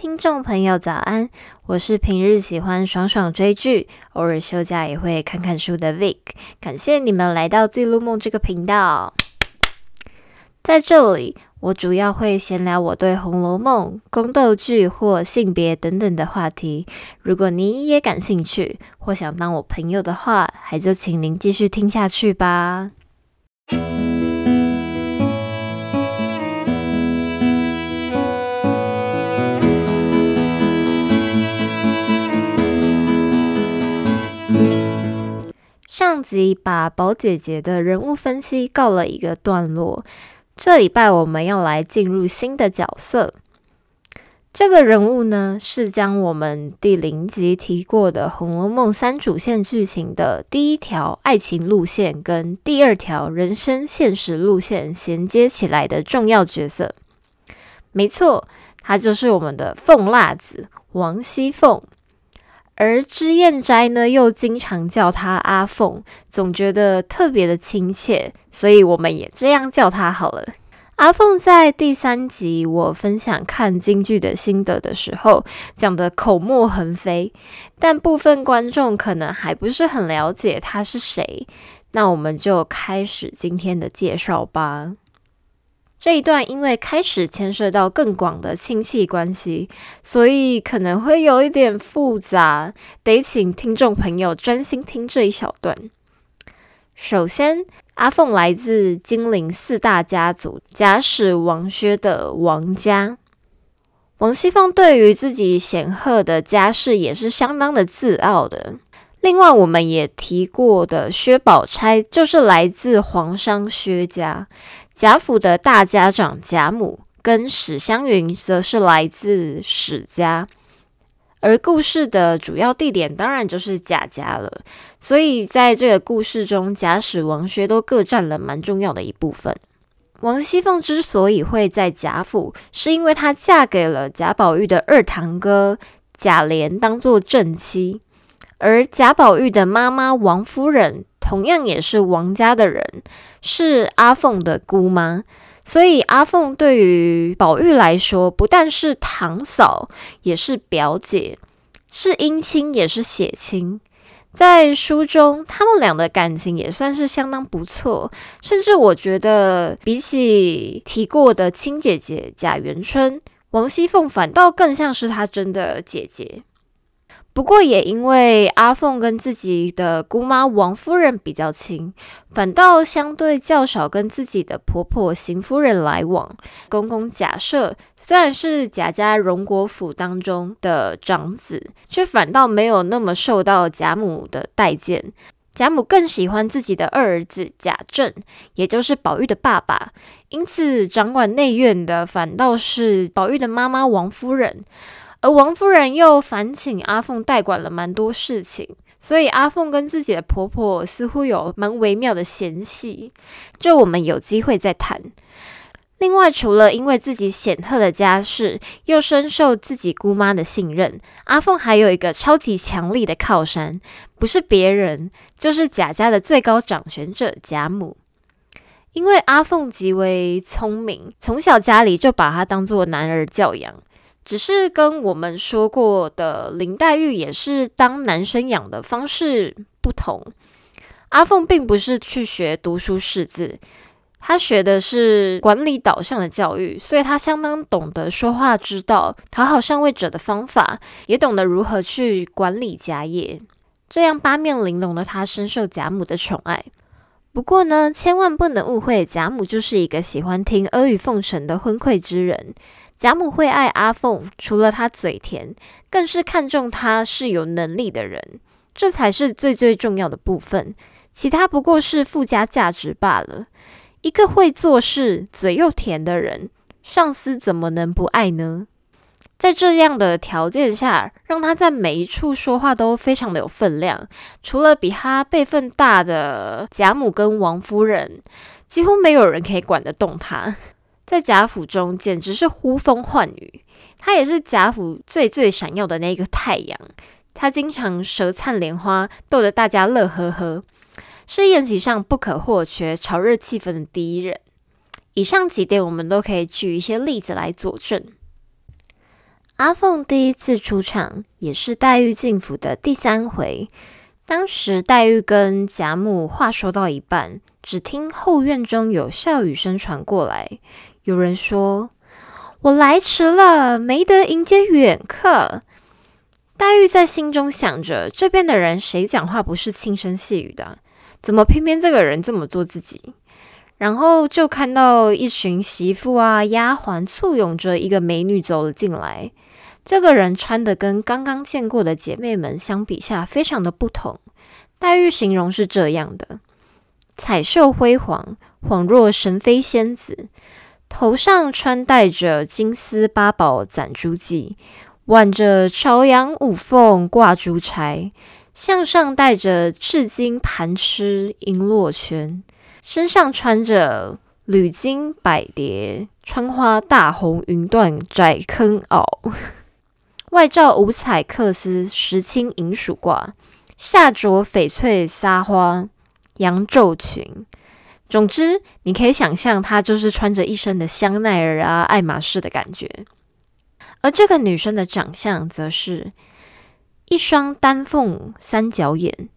聽眾朋友早安，我是平日喜歡爽爽追劇，偶爾休假也會看看書的 Vic，感謝你們來到《記錄夢》這個頻道。在這裡，我主要會閒聊我對《紅樓夢》、宮鬥劇或性別等等的話題。如果你也感興趣，或想當我朋友的話，還就請您繼續聽下去吧。上集把寶姐姐的人物分析告了一個段落，這禮拜我們要來進入新的角色。這個人物呢，是將我們第零集提過的《紅樓夢》三主線劇情的第一條愛情路線跟第二條人生現實路線銜接起來的重要角色。沒錯，她就是我們的鳳辣子王熙鳳。而脂硯齋呢，又經常叫他阿鳳，總覺得特別的親切，所以我們也這樣叫他好了。阿鳳在第三集我分享看京劇的心得的時候，講得口沫橫飛，但部分觀眾可能還不是很了解他是誰，那我們就開始今天的介紹吧。這一段因為開始牽涉到更廣的親戚關係，所以可能會有一點複雜，得請聽眾朋友專心聽這一小段。首先，阿鳳來自金陵四大家族賈史王薛的王家，王熙鳳對於自己顯赫的家世也是相當的自傲的。另外，我們也提過的薛寶釵就是來自皇商薛家。賈府的大家長賈母跟史湘雲則是來自史家，而故事的主要地點當然就是賈家了。所以在這個故事中，賈、史、王、薛都各占了蠻重要的一部分。王熙鳳之所以會在賈府，是因為她嫁給了賈寶玉的二堂哥賈璉，當做正妻。而賈寶玉的媽媽王夫人同樣也是王家的人。是阿鳳的姑媽，所以阿鳳對於寶玉來說，不但是堂嫂，也是表姐，是姻親，也是血親。在書中，他們倆的感情也算是相當不錯，甚至我覺得，比起提過的親姐姐賈元春，王熙鳳反倒更像是她真的姐姐。不過也因為阿鳳跟自己的姑媽王夫人比較親，反倒相對較少跟自己的婆婆邢夫人來往。公公賈赦雖然是賈家榮國府當中的長子，卻反倒沒有那麼受到賈母的待見。賈母更喜歡自己的二兒子賈政，也就是寶玉的爸爸，因此掌管內院的反倒是寶玉的媽媽王夫人。而王夫人又煩請阿鳳代管了蠻多事情，所以阿鳳跟自己的婆婆似乎有蠻微妙的嫌隙，就我們有機會再談。另外，除了因為自己顯赫的家世，又深受自己姑媽的信任，阿鳳還有一個超級強力的靠山，不是別人，就是賈家的最高掌權者賈母。因為阿鳳極為聰明，從小家裡就把她當做男兒教養，只是跟我們說過的林黛玉也是當男生養的方式不同。阿鳳並不是去學讀書識字，她學的是管理導向的教育，所以她相當懂得說話之道，討好上位者的方法，也懂得如何去管理家業。這樣八面玲瓏的她，深受賈母的寵愛。不過呢，千萬不能誤會，賈母就是一個喜歡聽阿諛奉承的昏聵之人。賈母會愛阿鳳，除了她嘴甜，更是看重她是有能力的人，這才是最最重要的部分。其他不過是附加價值罷了。一個會做事、嘴又甜的人，上司怎麼能不愛呢？在這樣的條件下，讓她在每一處說話都非常的有分量。除了比她輩分大的賈母跟王夫人，幾乎沒有人可以管得動她。在賈府中，簡直是呼風喚雨。他也是賈府最最閃耀的那一個太陽。他經常舌燦蓮花，逗得大家樂呵呵，是宴席上不可或缺、炒熱氣氛的第一人。以上幾點，我們都可以舉一些例子來佐證。阿鳳第一次出場，也是黛玉進府的第三回。當時黛玉跟賈母話說到一半，只聽後院中有笑語聲傳過來。有人說我來遲了，沒得迎接遠客。黛玉在心中想着，這邊的人誰講話不是輕聲細語的？怎麼偏偏這個人這麼做自己？然後就看到一群媳婦啊、丫鬟簇擁着一個美女走了進來。這個人穿的跟剛剛見過的姐妹們相比下，非常的不同。黛玉形容是這樣的：彩繡輝煌，恍若神妃仙子。頭上穿戴着金絲八寶攢珠髻，挽着朝陽五鳳掛珠釵，項上戴着赤金盤螭瓔珞圈，身上穿着縷金百蝶穿花大紅雲緞窄裉襖， 外罩五彩刻絲石青銀鼠褂，下着翡翠撒花洋縐裙。總之，你可以想象她就是穿着一身的香奈兒啊、愛馬仕的感覺。而這個女生的長相，則是一雙丹鳳三角眼，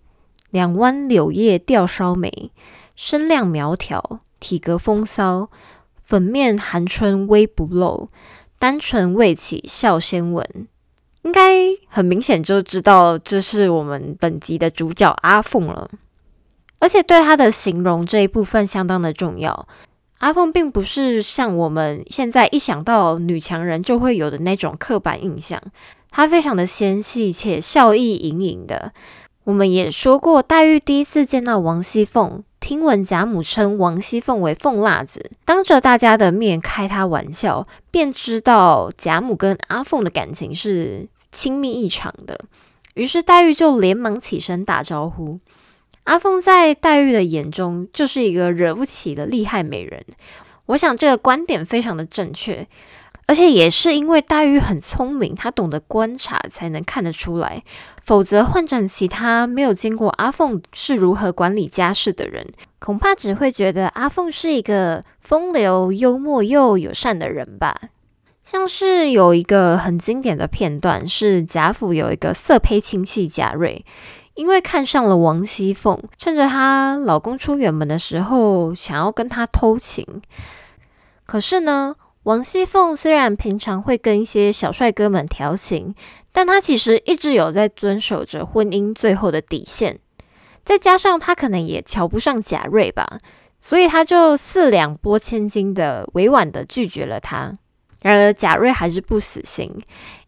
兩彎柳葉吊梢眉，身量苗條，體格風騷，粉面含春微不露，丹唇未啟笑先聞。應該很明顯就知道，這是我們本集的主角阿鳳了。而且對她的形容這一部分相當的重要。阿鳳並不是像我們現在一想到女強人就會有的那種刻板印象，她非常的纖細且笑意盈盈的。我們也說過，黛玉第一次見到王熙鳳，聽聞賈母稱王熙鳳為“鳳辣子”，當着大家的面開她玩笑，便知道賈母跟阿鳳的感情是親密異常的。於是黛玉就連忙起身打招呼。阿鳳在黛玉的眼中就是一個惹不起的厲害美人，我想這個觀點非常的正確，而且也是因為黛玉很聰明，她懂得觀察才能看得出來，否則換成其他沒有見過阿鳳是如何管理家事的人，恐怕只會覺得阿鳳是一個風流幽默又友善的人吧。像是有一個很經典的片段，是賈府有一個色胚親戚賈瑞。因為看上了王熙鳳，趁着她老公出遠門的時候，想要跟她偷情。可是呢，王熙鳳雖然平常會跟一些小帥哥們調情，但她其實一直有在遵守着婚姻最後的底線。再加上她可能也瞧不上賈瑞吧，所以她就四兩撥千斤的委婉的拒絕了他。然而賈瑞還是不死心，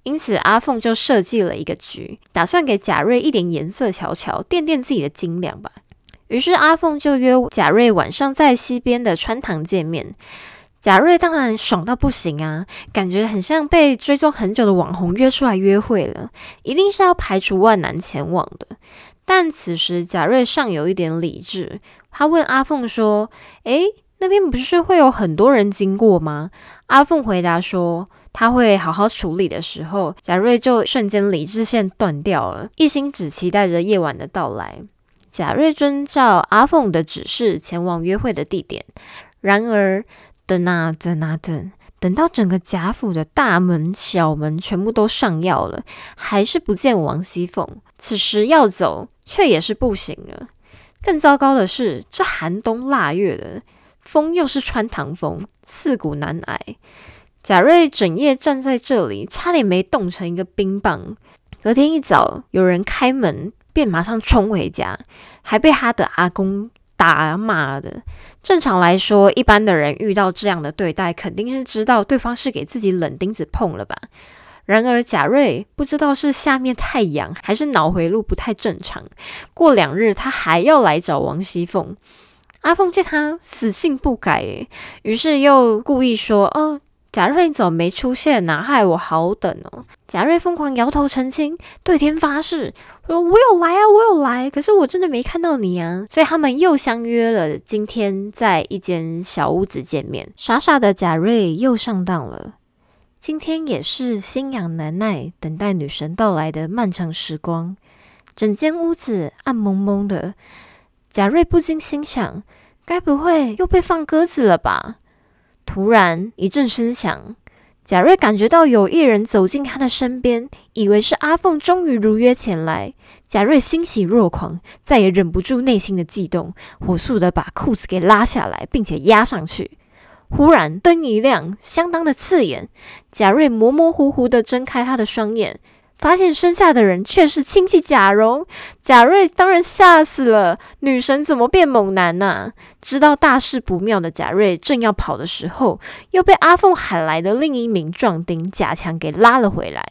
因此阿鳳就設計了一個局，打算給賈瑞一點顏色瞧瞧，掂掂自己的斤兩吧。於是阿鳳就約賈瑞晚上在西邊的穿堂見面。賈瑞當然爽到不行啊，感覺很像被追蹤很久的網紅約出來約會了，一定是要排除萬難前往的。但此時賈瑞尚有一點理智，他問阿鳳說：“哎。”那邊不是會有很多人經過嗎？阿鳳回答說：“她會好好處理。”的時候，賈瑞就瞬間理智線斷掉了，一心只期待着夜晚的到來。賈瑞遵照阿鳳的指示前往約會的地點，然而等啊等啊等，等到整個賈府的大門、小門全部都上鑰了，還是不見王熙鳳。此時要走卻也是不行了。更糟糕的是，這寒冬臘月的。風又是穿堂風，刺骨難挨。賈瑞整夜站在這裡，差點沒凍成一個冰棒。隔天一早，有人開門，便馬上衝回家，還被他的阿公打罵的。正常來說，一般的人遇到這樣的對待，肯定是知道對方是給自己冷釘子碰了吧。然而賈瑞不知道是下面太癢，還是腦回路不太正常。過兩日，他還要來找王熙鳳。阿鳳見他死性不改，哎，於是又故意說：“哦，賈瑞怎麼沒出現呢，啊？害我好等哦。”賈瑞瘋狂搖頭澄清，對天發誓說：“我有來啊，我有來，可是我真的沒看到你啊。”所以他們又相約了，今天在一間小屋子見面。傻傻的賈瑞又上當了。今天也是心癢難耐，等待女神到來的漫長時光。整間屋子暗濛濛的，賈瑞不禁心想。該不會又被放鴿子了吧？突然一陣聲響，賈瑞感覺到有一人走近他的身邊，以為是阿鳳終於如約前來。賈瑞欣喜若狂，再也忍不住內心的悸動，火速的把褲子給拉下來，並且壓上去。忽然燈一亮，相當的刺眼，賈瑞模模糊糊的睜開他的雙眼。發現身下的人卻是親戚賈蓉，賈瑞當然嚇死了。女神怎麼變猛男呢？啊？知道大事不妙的賈瑞正要跑的時候，又被阿鳳喊來的另一名壯丁賈強給拉了回來，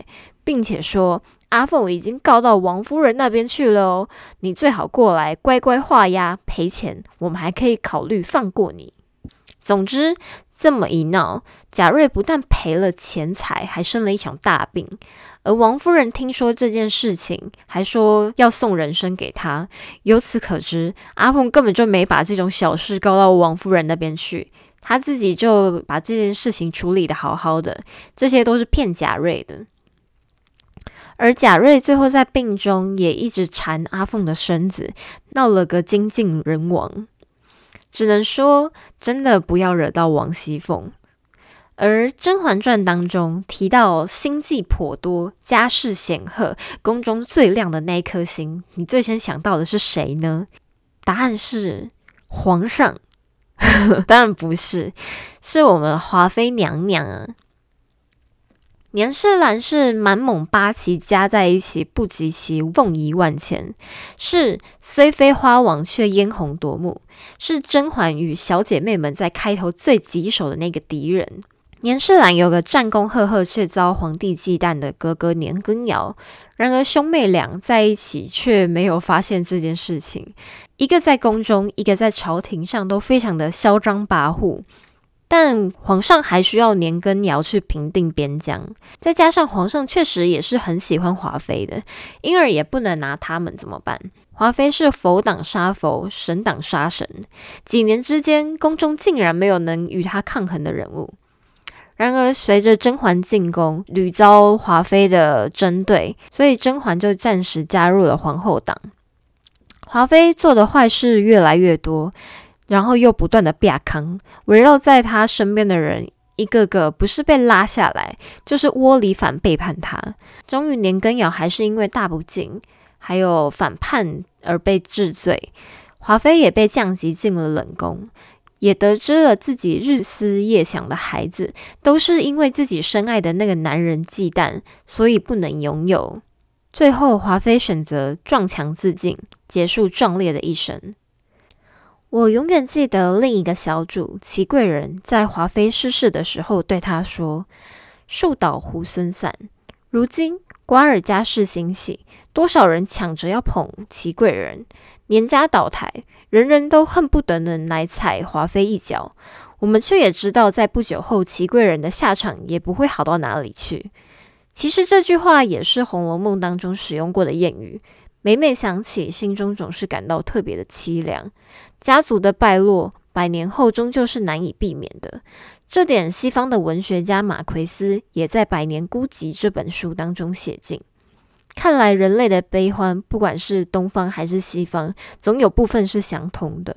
並且說：“阿鳳已經告到王夫人那邊去了哦，你最好過來乖乖畫押賠錢，我們還可以考慮放過你。”總之，這麼一鬧，賈瑞不但賠了錢財，還生了一場大病。而王夫人聽說這件事情，還說要送人參給他。由此可知，阿鳳根本就沒把這種小事告到王夫人那邊去，他自己就把這件事情處理得好好的。這些都是騙賈瑞的。而賈瑞最後在病中也一直纏阿鳳的身子，鬧了個精盡人亡。只能說，真的不要惹到王熙鳳。而《甄嬛傳》當中提到心計頗多、家世顯赫、宮中最亮的那顆星，你最先想到的是誰呢？答案是皇上。 當然不是，是我們華妃娘娘啊。年世蘭是滿蒙八旗加在一起，不及其鳳儀萬千，是雖非花王卻嫣紅奪目，是甄嬛與小姐妹們在開頭最棘手的那個敵人。年世蘭有個戰功赫赫卻遭皇帝忌憚的哥哥年羹堯，然而兄妹倆在一起卻沒有發現這件事情。一個在宮中，一個在朝廷上都非常的囂張跋扈，但皇上還需要年羹堯去平定邊疆，再加上皇上確實也是很喜歡華妃的，因而也不能拿他們怎麼辦。華妃是佛擋殺佛，神擋殺神，幾年之間，宮中竟然沒有能與她抗衡的人物。然而，隨着甄嬛進宮，屢遭華妃的針對，所以甄嬛就暫時加入了皇后黨。華妃做的壞事越來越多，然後又不斷的被坑，圍繞在她身邊的人，一個個不是被拉下來，就是窩裡反背叛她。終於，年羹堯還是因為大不敬，還有反叛而被治罪，華妃也被降級進了冷宮。也得知了自己日思夜想的孩子都是因為自己深愛的那個男人忌憚，所以不能擁有。最後，華妃選擇撞牆自盡，結束壯烈的一生。我永遠記得另一個小主祺貴人在華妃逝世的時候對她說：“樹倒猢猻散。”如今瓜爾佳氏興起，多少人搶着要捧祺貴人。年家倒台，人人都恨不得能來踩華妃一腳。我們卻也知道，在不久後，祺貴人的下場也不會好到哪裡去。其實這句話也是《紅樓夢》當中使用過的諺語，每每想起，心中總是感到特別的淒涼。家族的敗落，百年後終究是難以避免的。這點，西方的文學家馬奎斯也在《百年孤寂》這本書當中寫進。看來，人類的悲歡，不管是東方還是西方，總有部分是相通的。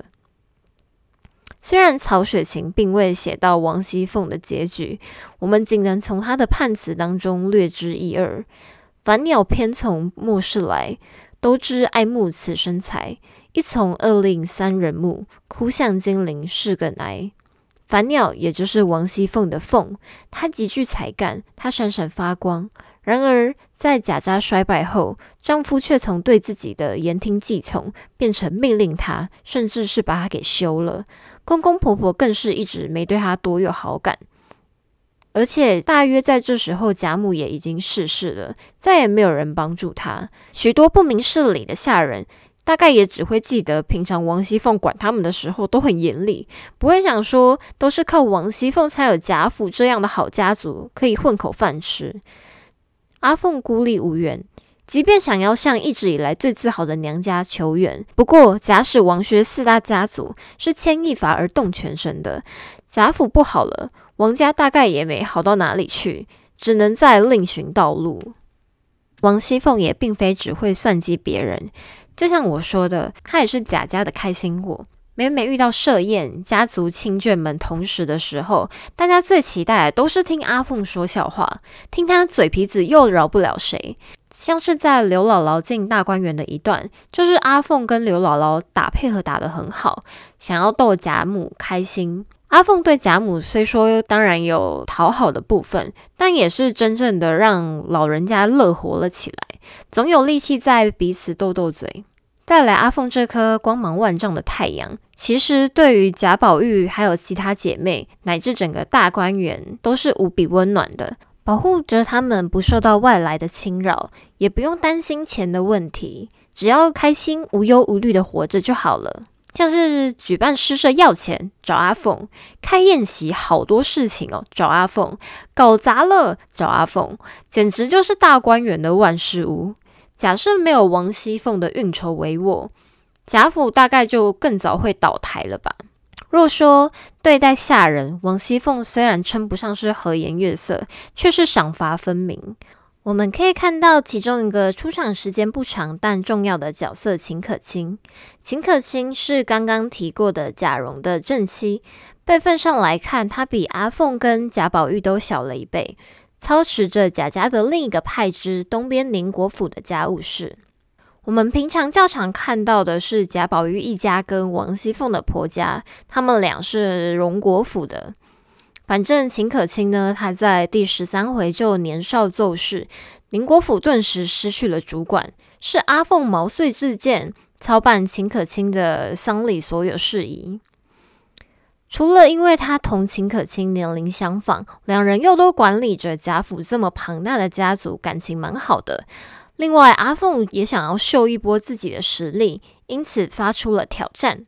雖然曹雪芹並未寫到王熙鳳的結局，我們僅能從他的判詞當中略知一二：“凡鳥偏從末世來，都知愛慕此生才。一從二令三人木，哭向金陵事更哀。”凡鳥，也就是王熙鳳的鳳，她極具才幹，她閃閃發光。然而，在賈家衰敗後，丈夫卻從對自己的言聽計從，變成命令她，甚至是把她給休了。公公婆婆更是一直沒對她多有好感。而且，大約在這時候，賈母也已經逝世了，再也沒有人幫助她。許多不明事理的下人，大概也只會記得平常王熙鳳管他們的時候都很嚴厲，不會想說都是靠王熙鳳才有賈府這樣的好家族可以混口飯吃。阿鳳孤立無援，即便想要向一直以來最自豪的娘家求援，不過賈史王薛四大家族是牽一髮而動全身的，賈府不好了，王家大概也沒好到哪裡去，只能再另尋道路。王熙鳳也並非只會算計別人。就像我說的，他也是賈家的開心果。每每遇到設宴、家族親眷們同時的時候，大家最期待的都是聽阿鳳說笑話，聽他嘴皮子又饒不了誰。像是在劉姥姥進大觀園的一段，就是阿鳳跟劉姥姥打配合打得很好，想要逗賈母開心。阿鳳對賈母雖說當然有討好的部分，但也是真正的讓老人家樂活了起來，總有力氣在彼此鬥鬥嘴，帶來阿鳳這顆光芒萬丈的太陽。其實對於賈寶玉還有其他姐妹乃至整個大觀園，都是無比溫暖的，保護着他們不受到外來的侵擾，也不用擔心錢的問題，只要開心無憂無慮的活着就好了。像是舉辦詩社要錢，找阿鳳；開宴席好多事情哦，找阿鳳；搞砸了找阿鳳，簡直就是大觀園的萬事屋。假設沒有王熙鳳的運籌帷幄，賈府大概就更早會倒台了吧？若說對待下人，王熙鳳雖然稱不上是和顏悅色，卻是賞罰分明。我們可以看到其中一個出場時間不長但重要的角色秦可卿。秦可卿是剛剛提過的賈蓉的正妻，輩分上來看，她比阿鳳跟賈寶玉都小了一輩，操持着賈家的另一個派支，東邊寧國府的家務事。我們平常較常看到的是賈寶玉一家跟王熙鳳的婆家，他們倆是榮國府的。反正秦可卿呢，他在第十三回就年少驟逝，寧國府頓時失去了主管，是阿鳳毛遂自薦操辦秦可卿的喪禮所有事宜。除了因為他同秦可卿年齡相仿，兩人又都管理着賈府這麼龐大的家族，感情蠻好的。另外，阿鳳也想要秀一波自己的實力，因此發出了挑戰。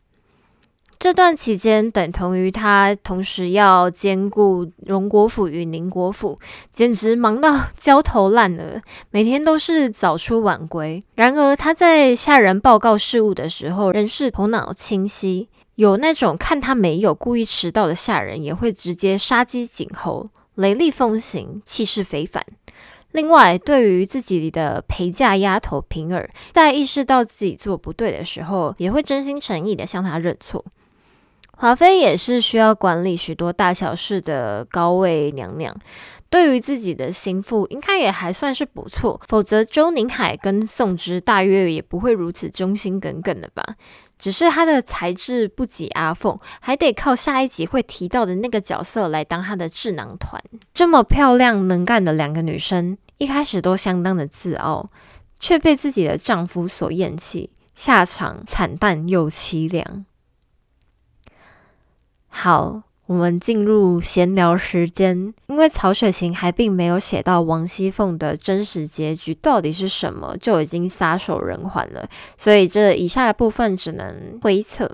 這段期間等同於他同時要兼顧榮國府與寧國府，簡直忙到焦頭爛額，每天都是早出晚歸。然而他在下人報告事務的時候，仍是頭腦清晰，有那種看他沒有故意遲到的下人，也會直接殺雞儆猴，雷厲風行，氣勢非凡。另外，對於自己的陪嫁丫頭平兒，在意識到自己做不對的時候，也會真心誠意地向他認錯。華妃也是需要管理許多大小事的高位娘娘，對於自己的心腹應該也還算是不錯，否則周寧海跟頌芝大約也不會如此忠心耿耿的吧。只是她的才智不及阿鳳，還得靠下一集會提到的那個角色來當她的智囊團。這麼漂亮能幹的兩個女生，一開始都相當的自傲，卻被自己的丈夫所厭棄，下場慘淡又淒涼。好，我們進入閒聊時間。因為曹雪芹還並沒有寫到王熙鳳的真實結局到底是什麼，就已經撒手人寰了，所以這以下的部分只能推測。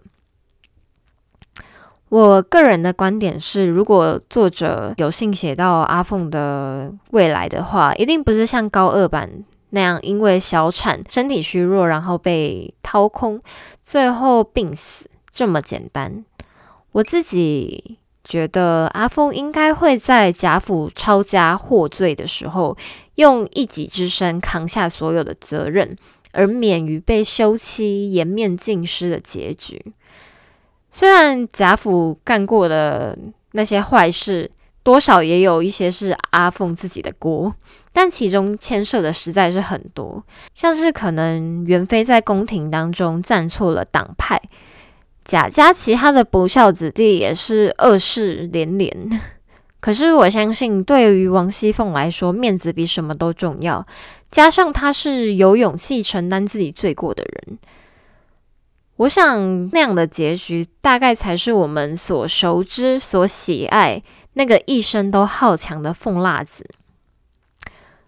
我個人的觀點是，如果作者有幸寫到阿鳳的未來的話，一定不是像高鶚版那樣，因為小產、身體虛弱，然後被掏空，最後病死這麼簡單。我自己覺得，阿鳳應該會在賈府抄家獲罪的時候，用一己之身扛下所有的責任，而免於被休妻、顏面盡失的結局。雖然賈府幹過的那些壞事，多少也有一些是阿鳳自己的鍋，但其中牽涉的實在是很多，像是可能元妃在宮廷當中站錯了黨派。賈家其他的不孝子弟也是惡事連連，可是我相信，對於王熙鳳來說，面子比什麼都重要。加上他是有勇氣承擔自己罪過的人，我想那樣的結局，大概才是我們所熟知、所喜愛那個一生都好強的鳳辣子。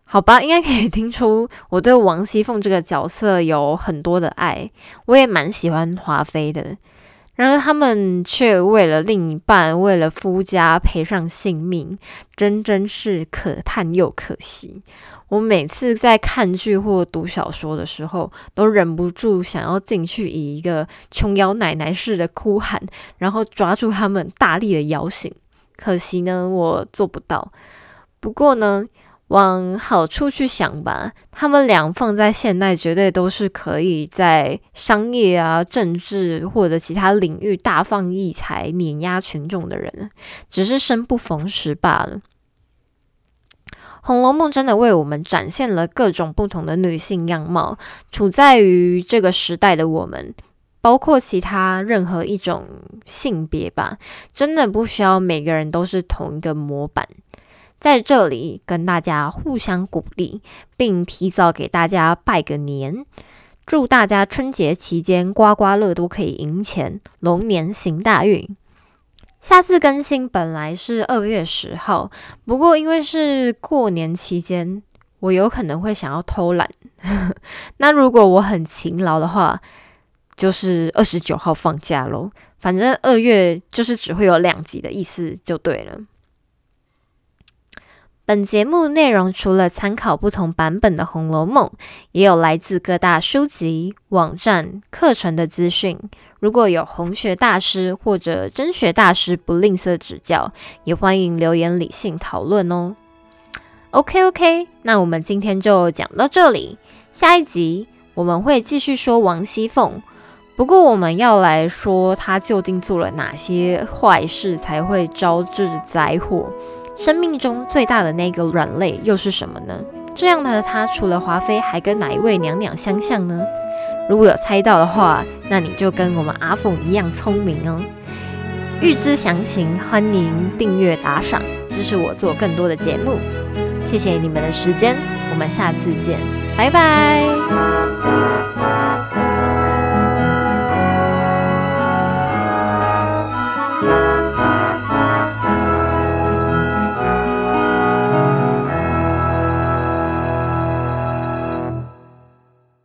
好吧，應該可以聽出我對王熙鳳這個角色有很多的愛，我也蠻喜歡華妃的。然而他們卻為了另一半，為了夫家賠上性命，真真是可嘆又可惜。我每次在看劇或讀小說的時候，都忍不住想要進去，以一個瓊瑤奶奶似的哭喊，然後抓住他們，大力的搖醒。可惜呢，我做不到。不過呢。往好處去想吧，他們倆放在現代，絕對都是可以在商業啊、政治或者其他領域大放異彩、碾壓群眾的人，只是生不逢時罷了。《紅樓夢》真的為我們展現了各種不同的女性樣貌，處在於這個時代的我們，包括其他任何一種性別吧，真的不需要每個人都是同一個模板。在這裡跟大家互相鼓勵，並提早給大家拜個年，祝大家春節期間刮刮樂都可以贏錢，龍年行大運。下次更新本來是二月十號，不過因為是過年期間，我有可能會想要偷懶。 那如果我很勤勞的話，就是二十九號放假咯。反正二月就是只會有兩集的意思，就對了。本節目內容除了參考不同版本的《紅樓夢》，也有來自各大書籍、網站、課程的資訊。如果有紅學大師或者真學大師不吝嗇指教，也歡迎留言理性討論哦。OK OK，那我們今天就講到這裡。下一集我們會繼續說王熙鳳，不過我們要來說她究竟做了哪些壞事才會招致災禍。生命中最大的那個軟肋又是什麼呢？這樣的她除了華妃，還跟哪一位娘娘相像呢？如果有猜到的話，那你就跟我們阿鳳一樣聰明哦。欲知詳情，歡迎訂閱打賞，支持我做更多的節目。謝謝你們的時間，我們下次見，拜拜。